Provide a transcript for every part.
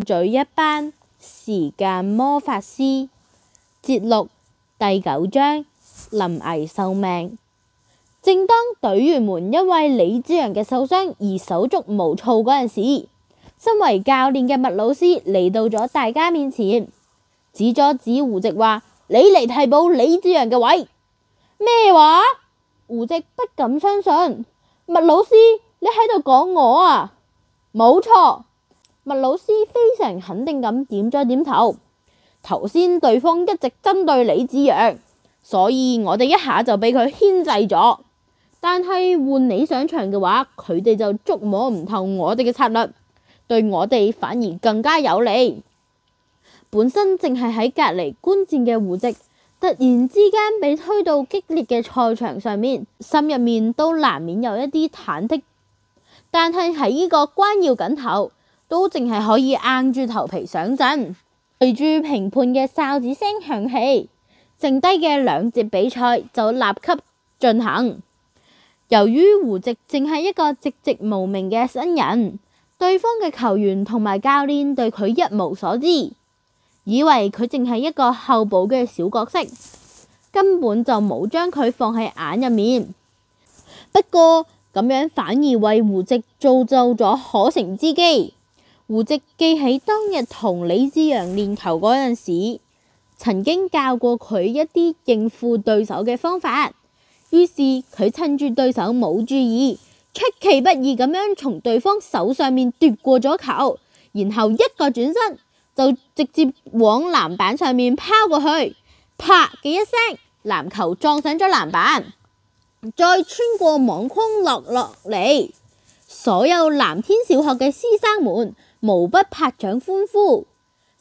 嘴一班時間魔法師節錄第九章臨危受命。正當隊員們因為李志陽嘅受傷而手足無措嗰陣時，身為教練嘅麥老師嚟到咗大家面前，指咗指胡直話：你嚟替補李志陽嘅位。咩話？胡直不敢相信，麥老師，你喺度講我啊？冇錯。麥老師非常肯定咁點咗點頭。頭先對方一直針對李子陽，所以我哋一下就俾佢牽制咗。但係換你上場嘅話，佢哋就捉摸唔透我哋嘅策略，對我哋反而更加有利。本身淨係喺隔籬觀戰嘅胡直，突然之間被推到激烈嘅賽場上面，心入面都難免有一啲忐忑。但係喺呢個緊要關頭。都淨係可以硬住頭皮上陣，隨住評判嘅哨子聲響起，剩低嘅兩節比賽就立即進行。由於胡直淨係一個籍籍無名嘅新人，對方嘅球員同埋教練對佢一無所知，以為佢淨係一個候補嘅小角色，根本就冇將佢放喺眼入面。不過咁樣反而為胡直造就咗可乘之機。胡直記起當日同李志陽練球嗰陣時，曾經教過佢一啲應付對手嘅方法。於是佢趁住對手冇注意，出其不意咁樣從對方手上面奪過咗球，然後一個轉身就直接往籃板上面拋過去，啪嘅一聲，籃球撞上咗籃板，再穿過網框落落嚟。所有藍天小學嘅師生們無不拍掌歡呼，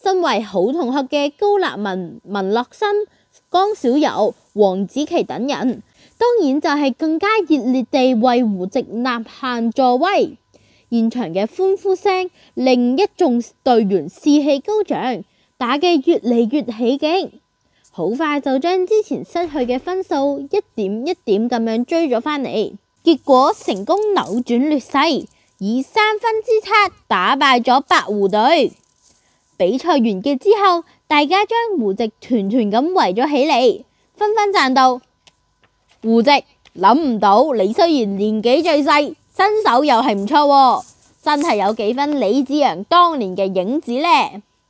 身為好同學嘅高立文、文樂新、江小柔、黃子琪等人，當然就係更加熱烈地為胡直吶喊助威。現場嘅歡呼聲令一眾隊員士氣高漲，打嘅越嚟越起勁，好快就將之前失去嘅分數一點一點咁樣追咗返嚟，結果成功扭轉劣勢。以三分之七打敗咗白狐隊。比賽完結之後，大家將胡直團團咁圍咗起嚟，紛紛讚道：胡直，諗唔到你雖然年紀最細，身手又係唔錯喎，真係有幾分李子陽當年嘅影子呢。